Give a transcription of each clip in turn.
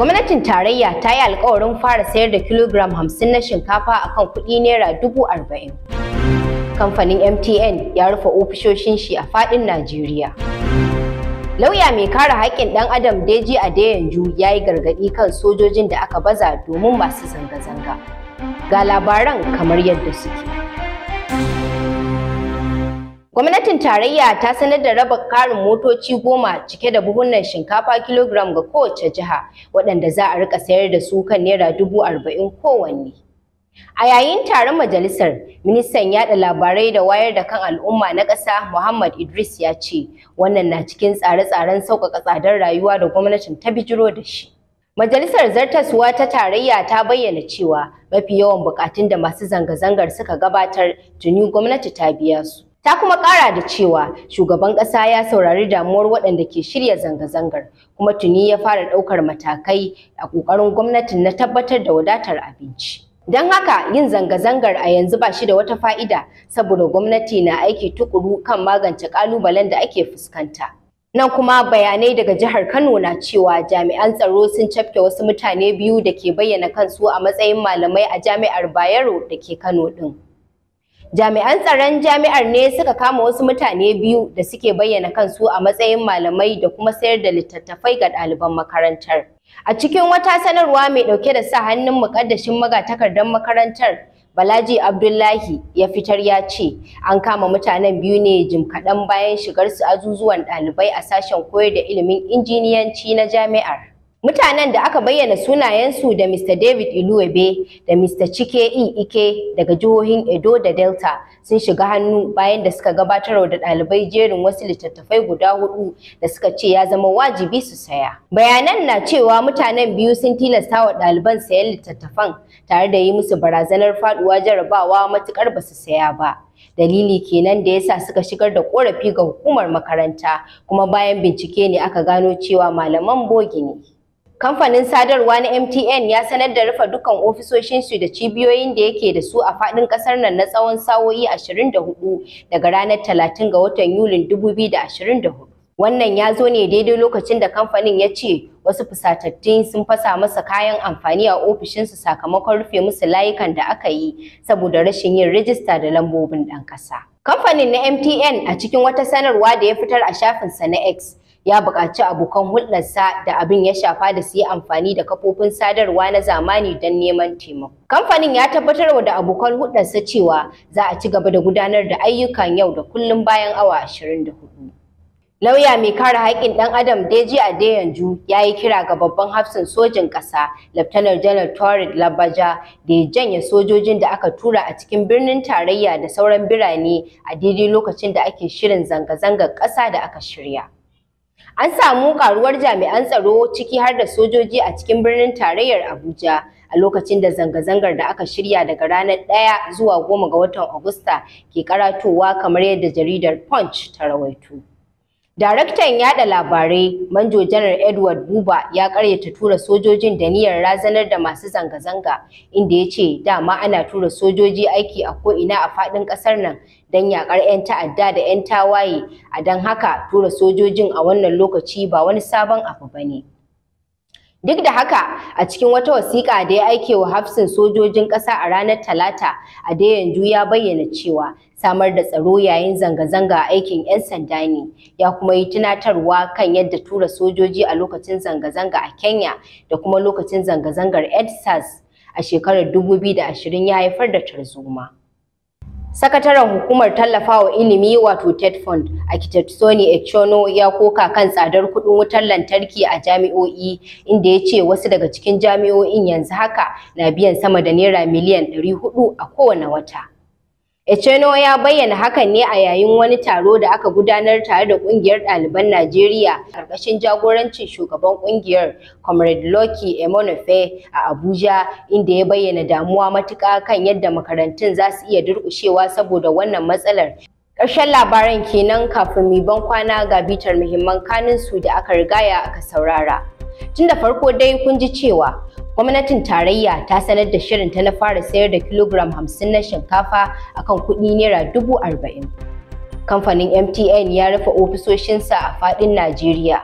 Gwamnatin tarayya ta yi alkawarin fara sayar da kilogram hamsin na shinkafa a kan kuɗi naira dubu arba'in. Kamfanin MTN ya rufe ofishoshin shi a faɗin Najeriya. Lauya mai kare haƙƙin ɗan Adam Deji Adeyanju ya yi gargaɗi kan sojojin da aka baza domin masu zanga-zanga. Ga labaran kamar yadda suke. Gwamnatin tarayya ta sanar da raba karin motoci goma cike da buhunan shinkafa kilogram ga kowace jiha waɗanda za a rika sayar da su kan naira dubu arba'in kowanne. A yayin taron majalisar, ministan yaɗa labarai da wayar da kan al'umma na ƙasa Muhammad Idris ya ce wannan na cikin tsare-tsaren sauƙaƙa tsadar rayuwa da gwamnatin ta bijiro da shi. Majalisar Zartaswa ta Tarayya ta bayyana cewa mafi yawan buƙatun da masu zanga-zangar suka gabatar tuni gwamnati ta biya su. Ta kuma ƙara da cewa shugaban ƙasa ya saurari damuwar waɗanda ke shirya zanga-zangar kuma tuni ya fara ɗaukar matakai a ƙoƙarin gwamnatin na tabbatar da wadatar abinci. Don haka yin zanga-zangar a yanzu ba shi da wata fa'ida saboda gwamnati na aiki tukuru kan magance ƙalubalen da ake fuskanta. Nan kuma bayanai daga jihar Kano na cewa jami'an tsaro sun cafke wasu mutane biyu da ke bayyana kansu a matsayin malamai a jami'ar Bayero da ke Kano ɗin. Jami'an tsaron jami'ar ne suka kama wasu mutane biyu da suke bayyana kansu a matsayin malamai da kuma sayar da littattafai ga ɗaliban makarantar. A cikin wata sanarwa mai ɗauke da sa hannun muƙaddashin magatakardar makarantar, Balaji Abdullahi ya fitar ya ce an kama mutanen biyu ne jim kaɗan bayan shigarsu azuzuwan ɗalibai a sashen koyar da ilimin injiniyanci na jami'ar. Mutanen da aka bayyana sunayensu da Mr. David Iluwebe da Mr. Chike e Ike daga jihohin Edo da Delta sun shiga hannu bayan da suka gabatar da ɗalibai jerin wasu littattafai guda hudu da suka ce ya zama wajibi su saya. Bayanan na cewa mutanen biyu sun tilasta wa ɗaliban sayan littattafan tare da yi musu barazanar faduwa jarabawa matuƙar ba su saya ba. dalili kenan da yasa suka shigar da korafi ga hukumar makaranta kuma bayan bincike ne aka gano cewa malaman bogi ne Kamfanin sadarwa na MTN ya sanar da rufe dukkan ofisoshinsu da cibiyoyin da yake da su a faɗin ƙasar nan na tsawon sa'o'i 24 daga ranar 30 ga watan Yulin 2024. Wannan ya zo ne daidai lokacin da kamfanin ya ce wasu fusatattun sun fasa masa kayan amfani a ofishinsu sakamakon rufe musu layukan da aka yi saboda rashin yin rijista da lambobin ɗan ƙasa. Kamfanin na MTN a cikin wata sanarwa da ya fitar a shafinsa na X ya buƙaci abokan hulɗarsa da abin ya shafa da su yi amfani da kafofin sadarwa na zamani don neman taimako. Kamfanin ya tabbatar wa da abokan hulɗarsa cewa za a ci gaba da gudanar da ayyukan yau da kullum bayan awa 24. Lauya mai kare haƙƙin ɗan Adam Deji Adeyanju ya yi kira ga babban hafsin sojin ƙasa Laftanar Janar Torrid Labaja da ya janye sojojin da aka tura a cikin birnin tarayya da sauran birane a daidai lokacin da ake shirin zanga-zangar ƙasa da aka shirya. An samu karuwar jami'an tsaro ciki har da sojoji a cikin birnin tarayyar Abuja a lokacin da zanga-zangar da aka shirya daga ranar ɗaya zuwa goma ga watan Agusta ke karatowa kamar yadda jaridar Punch ta rawaito. Daraktan yaɗa labarai Manjo Janar Edward Buba ya karyata tura sojojin da niyyar razanar da masu zanga-zanga inda ya ce dama ana tura sojoji aiki a ko'ina a faɗin ƙasar nan don yaƙar 'yan ta'adda da 'yan tawaye a don haka tura sojojin a wannan lokaci ba wani sabon abu ba ne. Duk da haka, a cikin wata wasiƙa da ya aike wa hafsin sojojin ƙasa a ranar Talata, a Adeyanju ya bayyana cewa samar da tsaro yayin zanga-zanga a aikin 'yan sanda ne, ya kuma yi tunatarwa kan yadda tura sojoji a lokacin zanga-zanga a Kenya da kuma lokacin zanga-zangar EdSAS a shekarar 2020 ya haifar da tarzoma. Sakataren hukumar tallafawa ilimi wato TED Fund a Kitetsoni Echono ya koka kan tsadar kuɗin wutar lantarki a jami'o'i inda ya ce wasu daga cikin jami'o'in yanzu haka na biyan sama da naira miliyan 400 a kowane wata. Echeno ya bayyana hakan ne a yayin wani taro da aka gudanar tare da kungiyar ɗaliban Najeriya ƙarƙashin jagorancin shugaban kungiyar Comrade Loki Emonofe a Abuja inda ya bayyana damuwa matuƙa kan yadda makarantun za su iya durƙushewa saboda wannan matsalar. Ƙarshen labaran kenan kafin mu ban kwana ga bitar muhimman kanin su da aka rigaya aka saurara. Tunda farko dai kun ji cewa Gwamnatin tarayya ta sanar da shirin ta na fara sayar da kilogram hamsin na shinkafa akan kuɗi naira dubu arba'in. Kamfanin MTN ya rufe ofisoshinsa a fadin Najeriya.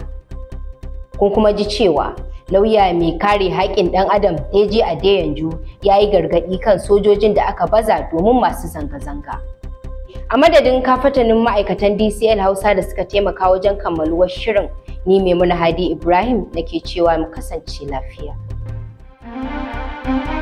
Kun kuma ji cewa lauya mai kare haƙƙin ɗan adam AJ Adeyanju ya yi gargaɗi kan sojojin da aka baza domin masu zanga-zanga. A madadin kafatanin ma'aikatan DCL Hausa da suka taimaka wajen kammaluwar shirin, ni mai Hadi Ibrahim nake cewa mu kasance lafiya. Thank you.